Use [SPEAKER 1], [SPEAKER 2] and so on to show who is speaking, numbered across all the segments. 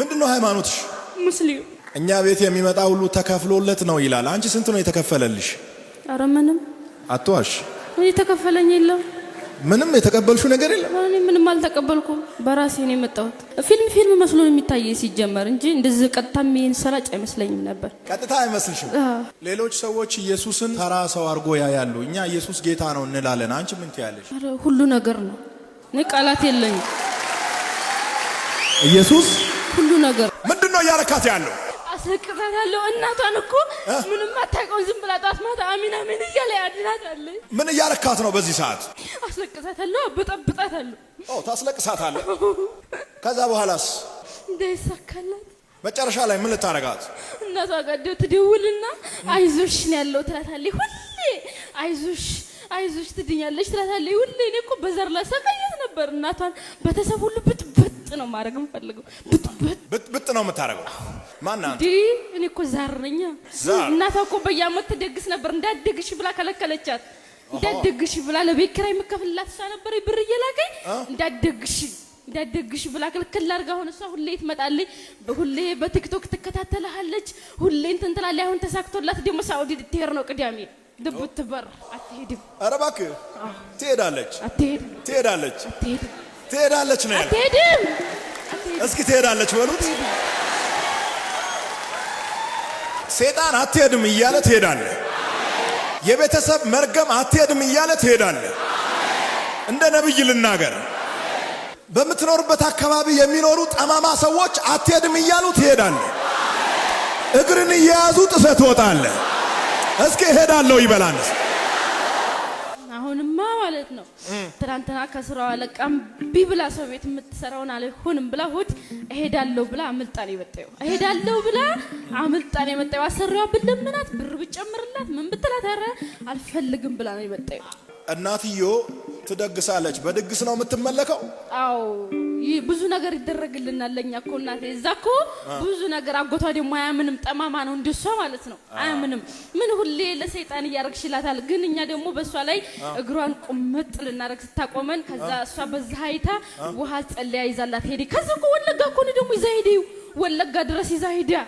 [SPEAKER 1] ምንድነው ሃይማኖትሽ? ሙስሊም። እኛ ቤት የሚመጣ ሁሉ ተከፍሎለት ነው ይላል። አንቺ ስንት ነው የተከፈለልሽ? አረ ምንም አትዋሽ።
[SPEAKER 2] እኔ ተከፈለኝ የለም
[SPEAKER 1] ምንም የተቀበልሹ ነገር የለም።
[SPEAKER 2] እኔ ምንም አልተቀበልኩም። በራሴ ነው የመጣሁት። ፊልም ፊልም መስሎ ነው የሚታየ ሲጀመር እንጂ እንደዚህ ቀጥታ ይህን ሰራጭ አይመስለኝም ነበር።
[SPEAKER 1] ቀጥታ አይመስልሽም? ሌሎች ሰዎች ኢየሱስን ተራ ሰው አድርጎ ያያሉ። እኛ ኢየሱስ ጌታ ነው እንላለን። አንቺ ምን ትያለሽ?
[SPEAKER 2] ሁሉ ነገር ነው። እኔ ቃላት የለኝም። ኢየሱስ ሁሉ ነገር
[SPEAKER 1] ምንድን ነው እያረካት ያለው
[SPEAKER 2] አስለቅሳታለሁ። እናቷን እኮ ምንም አታውቀው ዝም ብላ ጧት ማታ አሚን አሚን እያለ ያድናታለች።
[SPEAKER 1] ምን እያረካት ነው በዚህ ሰዓት?
[SPEAKER 2] አስለቅሳታለሁ፣ አበጠብጣታለሁ።
[SPEAKER 1] ኦ ታስለቅሳታለህ። ከዛ በኋላስ
[SPEAKER 2] እንዳይሳካላት
[SPEAKER 1] መጨረሻ ላይ ምን ልታረጋት?
[SPEAKER 2] እናቷ ጋር ትደውልና አይዞሽ ነው ያለው ትላታለች። ሁሌ አይዞሽ አይዞሽ ትድኛለች ትላታለች። ሁሌ እኔ እኮ በዘር ላሰቃያት ነበር እናቷን፣ ቤተሰብ ሁሉ ብት ነው ማድረግ የምፈልገው። ብጥ ነው የምታደርገው?
[SPEAKER 1] ማና ዲ እኔ እኮ ዛር ነኝ።
[SPEAKER 2] እናቷ እኮ በየዓመት ትደግስ ነበር። እንዳደግሽ ብላ ከለከለቻት። እንዳደግሽ ብላ ለቤት ኪራይ የምከፍልላት እሷ ነበር ብር እየላከኝ። እንዳደግሽ እንዳደግሽ ብላ ክልክል አድርጋ አሁን እሷ ሁሌ ትመጣለች። ሁሌ በቲክቶክ ትከታተልሃለች። ሁሌ እንትን ትላለች። አሁን ተሳክቶላት ደግሞ ሳውዲ ልትሄድ ነው ቅዳሜ ድብት በር አትሄድም።
[SPEAKER 1] ኧረ እባክህ ትሄዳለች፣ ትሄዳለች ትሄዳለች ነው ያለው። እስኪ ትሄዳለች በሉት። ሴጣን አትሄድም እያለ ትሄዳለ። የቤተሰብ መርገም አትሄድም እያለ ትሄዳለ። እንደ ነብይ ልናገር፣ በምትኖርበት አካባቢ የሚኖሩ ጠማማ ሰዎች አትሄድም እያሉ ትሄዳለ። እግርን እየያዙ ጥሰት ትወጣለ። እስኪ እሄዳለሁ ይበላንስ
[SPEAKER 2] ማለት ነው። ትናንትና ከስራዋ ለቃም ቢብላ ብላ ሰው ቤት የምትሰራውን አልሆንም ብላ ሁድ እሄዳለሁ ብላ አምልጣ ነው የመጣው። እሄዳለሁ ብላ አምልጣ ነው የመጣው። አሰሪዋ ብለምናት ብር ብጨምርላት ምን ብትላት ኧረ አልፈልግም ብላ ነው የመጣው።
[SPEAKER 1] እናትዮ ትደግሳለች። በድግስ ነው የምትመለከው።
[SPEAKER 2] አዎ ብዙ ነገር ይደረግልናል። ለኛ እኮ እናቴ እዛ እኮ ብዙ ነገር አጎቷ ደግሞ አያምንም፣ ጠማማ ነው እንደሷ ማለት ነው። አያምንም ምን ሁሌ ለሰይጣን እያረግሽላታል። ግን እኛ ደግሞ በእሷ ላይ እግሯን ቁምጥ ልናረግ ስታቆመን፣ ከዛ እሷ በዛ አይታ ውሃ ጸለያ ይዛላት ሄደ። ከዛ እኮ ወለጋ እኮ ነው ደግሞ ይዛ ሄደው ወለጋ ድረስ ይዛ ሄዲያ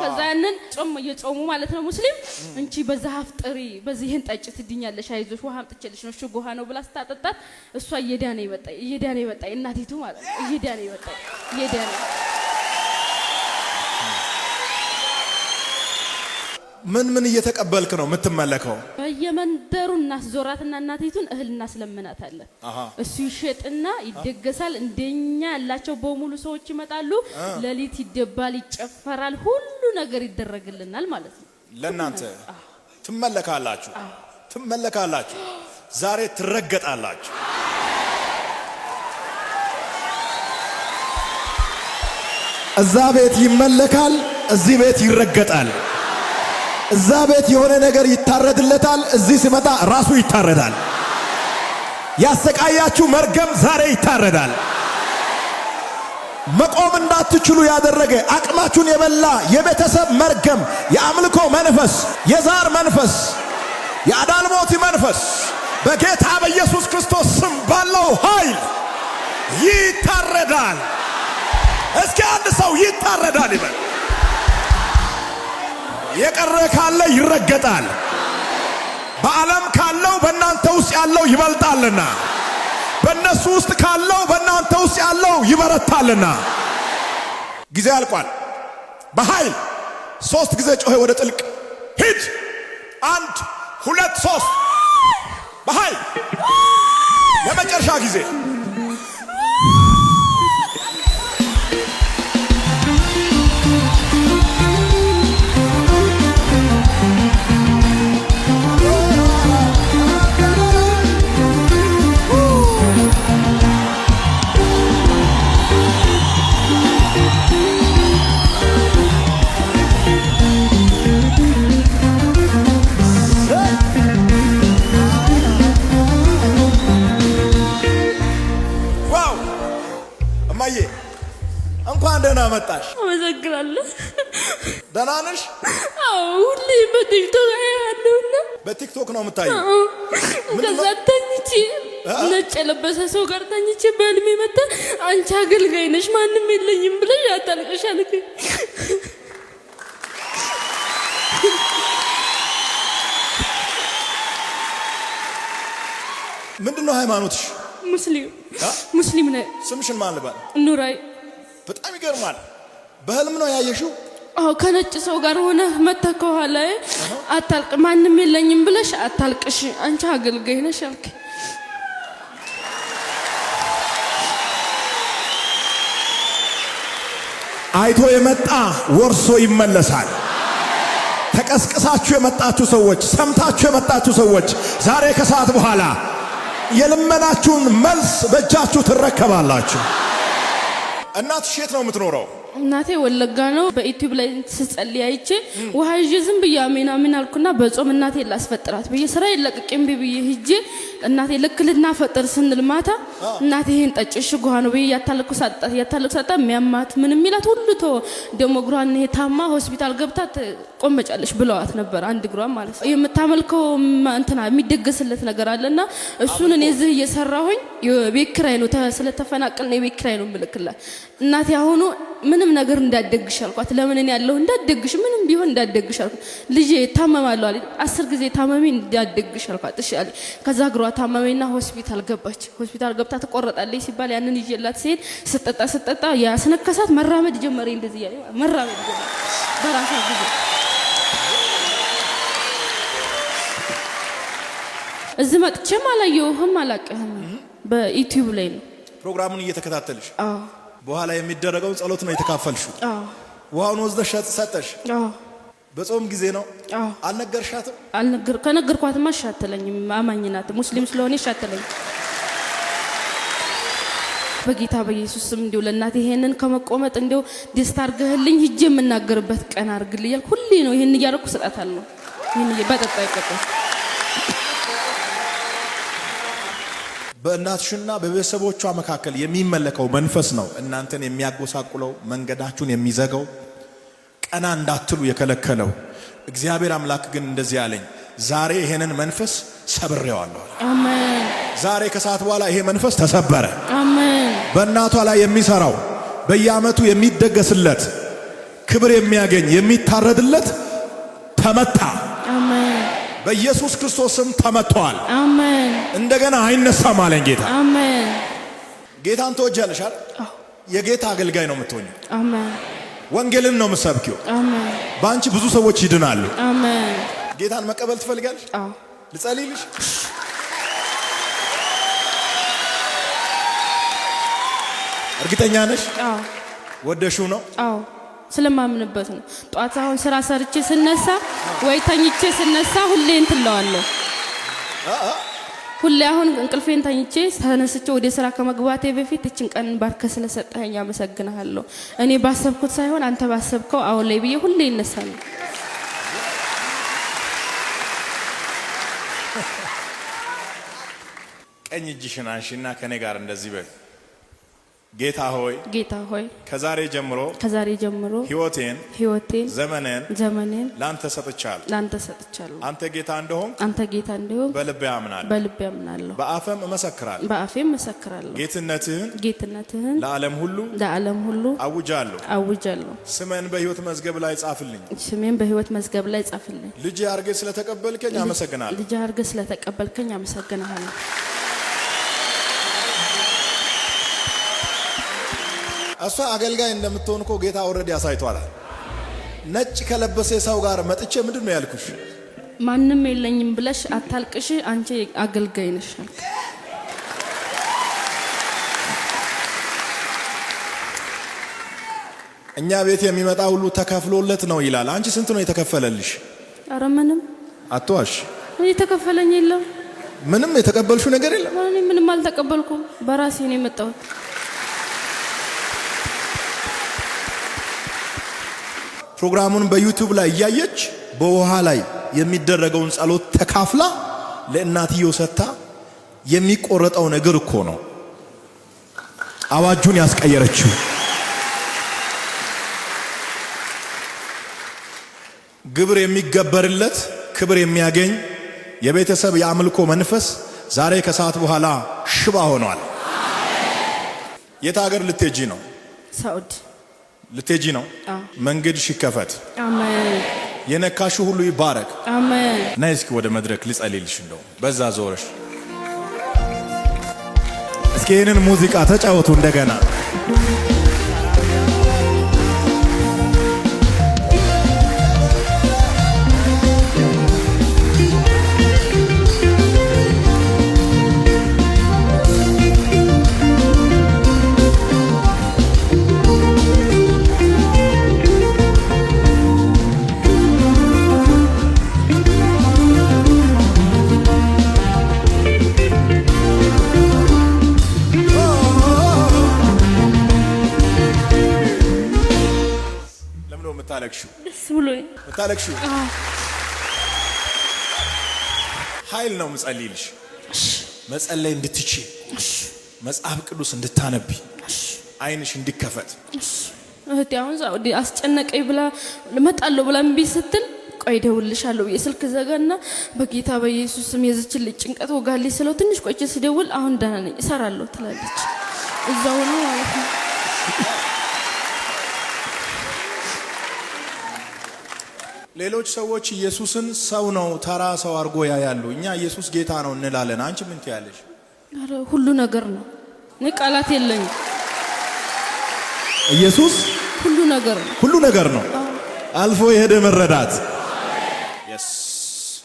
[SPEAKER 2] ከዛ ያንን ጾም እየጾሙ ማለት ነው ሙስሊም እንቺ በዛ ሀፍጥሪ በዚህን ጠጭ ትድኛለሽ፣ አይዞሽ ውሃ አምጥቼልሽ ነው ሽጎ ውሃ ነው ብላ ስታጠጣት እሷ እየዳነ ይመጣ እየዳነ ይመጣ እናቲቱ ማለት ነው እየዳነ ይመጣ እየዳነ
[SPEAKER 1] ምን ምን እየተቀበልክ ነው የምትመለከው?
[SPEAKER 2] በየመንደሩ እናስዞራትና እናቲቱን እህል እናስለምናታለን። እሱ ይሸጥና ይደገሳል። እንደኛ ያላቸው በሙሉ ሰዎች ይመጣሉ። ሌሊት ይደባል፣ ይጨፈራል፣ ሁሉ ነገር ይደረግልናል ማለት ነው።
[SPEAKER 1] ለእናንተ ትመለካላችሁ፣ ትመለካላችሁ፣ ዛሬ ትረገጣላችሁ። እዛ ቤት ይመለካል፣ እዚህ ቤት ይረገጣል። እዛ ቤት የሆነ ነገር ይታረድለታል። እዚህ ሲመጣ ራሱ ይታረዳል። ያሰቃያችሁ መርገም ዛሬ ይታረዳል። መቆም እንዳትችሉ ያደረገ አቅማችሁን የበላ የቤተሰብ መርገም፣ የአምልኮ መንፈስ፣ የዛር መንፈስ፣ የአዳልሞቲ መንፈስ በጌታ በኢየሱስ ክርስቶስ ስም ባለው ኃይል ይታረዳል። እስኪ አንድ ሰው ይታረዳል ይበል። የቀረ ካለ ይረገጣል። በዓለም ካለው በእናንተ ውስጥ ያለው ይበልጣልና፣ በእነሱ ውስጥ ካለው በእናንተ ውስጥ ያለው ይበረታልና። ጊዜ አልቋል። በኃይል ሶስት ጊዜ ጮኸ ወደ ጥልቅ ሂድ። አንድ ሁለት ሶስት። በኃይል ለመጨረሻ ጊዜ አለ። ደህና ነሽ?
[SPEAKER 2] ሁሌ በቲክቶክ ያለውና
[SPEAKER 1] በቲክቶክ ነው የምታየው።
[SPEAKER 2] ከዛ ተኝቼ ነጭ የለበሰ ሰው ጋር ተኝቼ በህልሜ መጣ። አንቺ አገልጋይ ነሽ ማንም የለኝም ብለሽ ያታልቅሽ አልከኝ።
[SPEAKER 1] ምንድን ነው ሃይማኖትሽ?
[SPEAKER 2] ሙስሊም። ሙስሊም ነህ?
[SPEAKER 1] ስምሽን ማን ልበል? ኑራይ። በጣም ይገርማል። በህልም ነው ያየሽው?
[SPEAKER 2] አዎ ከነጭ ሰው ጋር ሆነ መታ ከኋላ አታልቅ፣ ማንም የለኝም ብለሽ አታልቅሽ፣ አንቺ አገልጋይ ነሽ አልክ።
[SPEAKER 1] አይቶ የመጣ ወርሶ ይመለሳል። ተቀስቅሳችሁ የመጣችሁ ሰዎች፣ ሰምታችሁ የመጣችሁ ሰዎች ዛሬ ከሰዓት በኋላ የልመናችሁን መልስ በእጃችሁ ትረከባላችሁ። እናትሽ የት ነው የምትኖረው?
[SPEAKER 2] እናቴ ወለጋ ነው። በዩቲዩብ ላይ ስጸልይ አይቼ ውሃ ይዤ ዝም ብዬ አሜን አሜን አልኩና በጾም እናቴ ላስፈጥራት ብዬ ስራ የለቅቅም ብዬ ሂጄ እናቴ ልክ ልናፈጥር ስንል ማታ እናቴ ይህን ጠጭ እሺ ውሃ ነው ብዬ እያታለኩ ሳጣት እያታለኩ ሳጣት የሚያማት ምን የሚላት ሁሉ ተወ። ደግሞ እግሯን ይሄ ታማ ሆስፒታል ገብታት ትቆመጫለች ብለዋት ነበር። አንድ እግሯን ማለት ነው የምታመልከው እንትና የሚደገስለት ነገር አለና እሱን እኔ እዚህ እየሰራሁኝ የቤት ኪራይ ነው ስለተፈናቀልን የቤት ኪራይ ነው ምልክላት እናቴ አሁኑ ምንም ነገር እንዳደግሽ አልኳት። ለምን እኔ ያለሁ እንዳደግሽ ምንም ቢሆን እንዳደግሽ አልኳት። ልጄ ታመማለሁ አለ አስር ጊዜ ታመሜ እንዳደግሽ አልኳት። እሺ አለኝ። ከዛ እግሯ ታመሜና ሆስፒታል ገባች። ሆስፒታል ገብታ ትቆረጣለች ሲባል ያንን ይዤላት ስሄድ ስጠጣ ስጠጣ ያስነከሳት መራመድ ጀመረ። እንደዚህ ያለ መራመድ ጀመረ በራሷ ጊዜ እዚህ መጥቼም አላየሁህም አላቅህም። በዩቲዩብ ላይ ነው
[SPEAKER 1] ፕሮግራሙን እየተከታተልሽ። በኋላ የሚደረገውን ጸሎት ነው የተካፈልሽው። ውሃውን ወስደሽ ሰጠሽ። በጾም ጊዜ ነው። አልነገርሻትም?
[SPEAKER 2] አልነገር ከነገርኳትማ አሻተለኝም። አማኝ ናት፣ ሙስሊም ስለሆነ ይሻተለኝ። በጌታ በኢየሱስ ስም እንዲሁ ለእናቴ ይሄንን ከመቆመጥ እንዲሁ ደስታ አድርገህልኝ ሂጄ የምናገርበት ቀን አድርግልኝ እያልኩ ሁሌ ነው ይሄን እያደረኩ ሰጣታለሁ። ይሄን በጠጣ ይቀጣል
[SPEAKER 1] በእናትሽና በቤተሰቦቿ መካከል የሚመለከው መንፈስ ነው እናንተን የሚያጎሳቁለው፣ መንገዳችሁን የሚዘጋው፣ ቀና እንዳትሉ የከለከለው። እግዚአብሔር አምላክ ግን እንደዚህ አለኝ፣ ዛሬ ይሄንን መንፈስ ሰብሬዋለሁ። ዛሬ ከሰዓት በኋላ ይሄ መንፈስ ተሰበረ። በእናቷ ላይ የሚሰራው በየአመቱ የሚደገስለት ክብር የሚያገኝ የሚታረድለት ተመታ። በኢየሱስ ክርስቶስ ስም ተመቷል። አሜን። እንደገና አይነሳም አለኝ ጌታ። አሜን። ጌታን ትወጃለሽ አይደል? የጌታ አገልጋይ ነው የምትሆኚው። አሜን። ወንጌልን ነው የምትሰብኪው። አሜን። በአንቺ ብዙ ሰዎች ይድናሉ። አሜን። ጌታን መቀበል ትፈልጋለሽ? አዎ። ልጸልይልሽ? እርግጠኛ ነሽ? አዎ። ወደሹ ነው?
[SPEAKER 2] አዎ። ስለማምንበት ነው። ጧት አሁን ስራ ሰርቼ ስነሳ ወይ ተኝቼ ስነሳ ሁሌ እንትለዋለሁ። ሁሌ አሁን እንቅልፌን ተኝቼ ተነስቼ ወደ ስራ ከመግባቴ በፊት እችን ቀን ባርከ ስለሰጠኸኝ አመሰግናለሁ። እኔ ባሰብኩት ሳይሆን አንተ ባሰብከው አሁን ላይ ብዬ ሁሌ ይነሳል።
[SPEAKER 1] ቀኝ እጅሽን አንሺና ከእኔ ጋር እንደዚህ በል ጌታ ሆይ ጌታ ሆይ ከዛሬ ጀምሮ
[SPEAKER 2] ከዛሬ ጀምሮ ህይወቴን ህይወቴን ዘመኔን ዘመኔን
[SPEAKER 1] ላንተ ሰጥቻለሁ
[SPEAKER 2] ላንተ ሰጥቻለሁ።
[SPEAKER 1] አንተ ጌታ እንደሆን
[SPEAKER 2] አንተ ጌታ እንደሆን
[SPEAKER 1] በልቤ አምናለሁ
[SPEAKER 2] በልቤ አምናለሁ።
[SPEAKER 1] በአፌም እመሰክራለሁ
[SPEAKER 2] በአፌም እመሰክራለሁ።
[SPEAKER 1] ጌትነትህን
[SPEAKER 2] ጌትነትህን ለዓለም ሁሉ ለዓለም ሁሉ አውጃለሁ አውጃለሁ።
[SPEAKER 1] ስሜን በህይወት መዝገብ ላይ ጻፍልኝ
[SPEAKER 2] ስሜን በህይወት መዝገብ ላይ ጻፍልኝ።
[SPEAKER 1] ልጅ አድርገህ ስለተቀበልከኝ አመሰግናለሁ
[SPEAKER 2] ልጅ አድርገህ ስለተቀበልከኝ አመሰግናለሁ።
[SPEAKER 1] እሷ አገልጋይ እንደምትሆን እኮ ጌታ ኦልሬዲ ያሳይቷል። ነጭ ከለበሰ ሰው ጋር መጥቼ ምንድን ነው ያልኩሽ?
[SPEAKER 2] ማንም የለኝም ብለሽ አታልቅሽ፣ አንቺ አገልጋይ ነሽ አልክ።
[SPEAKER 1] እኛ ቤት የሚመጣ ሁሉ ተከፍሎለት ነው ይላል። አንቺ ስንት ነው የተከፈለልሽ? አረ ምንም አትዋሽ።
[SPEAKER 2] የተከፈለኝ የለም።
[SPEAKER 1] ምንም የተቀበልሽው ነገር የለም።
[SPEAKER 2] ምንም አልተቀበልኩም። በራሴ ነው የመጣሁት።
[SPEAKER 1] ፕሮግራሙን በዩቲዩብ ላይ እያየች በውሃ ላይ የሚደረገውን ጸሎት ተካፍላ ለእናትየው ሰጥታ የሚቆረጠው እግር እኮ ነው አዋጁን ያስቀየረችው። ግብር የሚገበርለት ክብር የሚያገኝ የቤተሰብ የአምልኮ መንፈስ ዛሬ ከሰዓት በኋላ ሽባ ሆኗል። የት ሀገር ልትሄጂ ነው? ሳውዲ ልትሄጂ ነው። መንገድሽ ይከፈት። አሜን። የነካሽ ሁሉ ይባረክ። አሜን። ነይ እስኪ ወደ መድረክ ልጸልይልሽ። እንደው በዛ ዞረሽ እስኪ ይህንን ሙዚቃ ተጫወቱ እንደገና የምታለቅሽው ኃይል ነው ምጸልይልሽ። መጸለይ እንድትች መጽሐፍ ቅዱስ እንድታነቢ አይንሽ እንዲከፈት
[SPEAKER 2] እህቴ አሁን ሳውዲ አስጨነቀኝ ብላ መጣለሁ ብላ እምቢ ስትል ቆይ ደውልልሻለሁ ብዬ ስልክ ዘጋና በጌታ በኢየሱስ ስም የዝችልኝ ጭንቀት ወጋልኝ ስለው ትንሽ ቆይቼ ስደውል አሁን ደህና ነኝ እሰራለሁ ትላለች። እዛው ነው ማለት ነው።
[SPEAKER 1] ሌሎች ሰዎች ኢየሱስን ሰው ነው ተራ ሰው አድርጎ ያያሉ። እኛ ኢየሱስ ጌታ ነው እንላለን። አንቺ ምን ትያለሽ?
[SPEAKER 2] ሁሉ ነገር ነው። እኔ ቃላት የለኝ። ኢየሱስ ሁሉ ነገር ነው።
[SPEAKER 1] ሁሉ ነገር ነው። አልፎ የሄደ መረዳት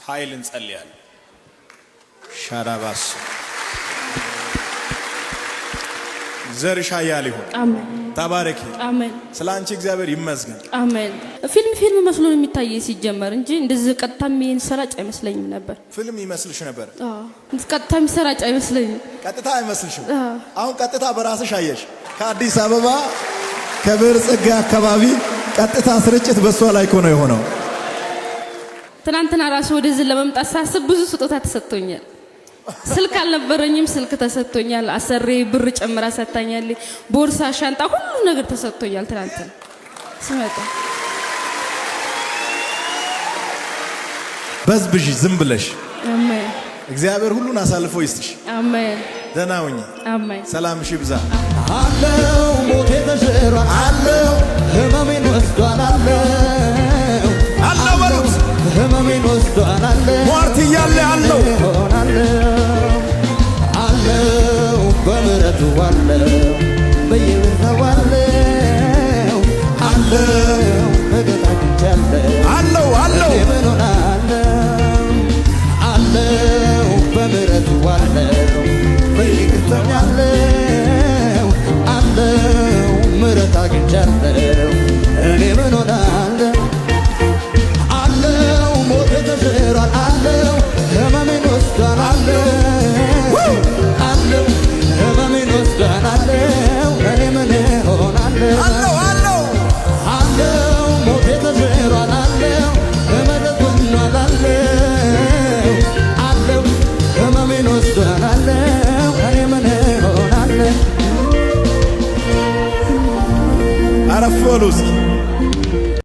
[SPEAKER 1] ኃይል እንጸልያለን ሻዳባስ ዘርሻ ኃያል ይሁን። አሜን። ተባረኪ። አሜን። ስለ አንቺ እግዚአብሔር ይመስገን።
[SPEAKER 2] አሜን። ፊልም ፊልም መስሎ ነው የሚታየ ሲጀመር እንጂ እንደዚህ ቀጥታ የሚሄን ሰራጭ አይመስለኝም ነበር።
[SPEAKER 1] ፊልም ይመስልሽ ነበር? አዎ።
[SPEAKER 2] ቀጥታ የሚሰራጭ አይመስለኝም።
[SPEAKER 1] ቀጥታ አይመስልሽም? አዎ። አሁን ቀጥታ በራስሽ አየሽ። ከአዲስ አበባ ከብር ከብርጽጌ አካባቢ ቀጥታ ስርጭት በሷ ላይ እኮ ነው የሆነው።
[SPEAKER 2] ትናንትና ራሱ ወደዚህ ለመምጣት ሳስብ ብዙ ስጦታ ተሰጥቶኛል። ስልክ አልነበረኝም። ስልክ ተሰጥቶኛል። አሰሬ ብር ጨምራ ሰታኛል። ቦርሳ፣ ሻንጣ፣ ሁሉ ነገር ተሰጥቶኛል። ትናንት ስመጣ
[SPEAKER 1] በዝብዥ ዝም ብለሽ አሜን። እግዚአብሔር ሁሉን አሳልፎ ይስጥሽ። አሜን። ደህና ሁኚ። አሜን። ሰላም ሺ ብዛ አለው ሞቴ ተሽሮ አለው ህመሜን ወስዷል አለው አለው በሉት ህመሜን ወስዷል አለው ሟርት እያለ አለው እወዳችኋለሁ ብዬ ediyoruz.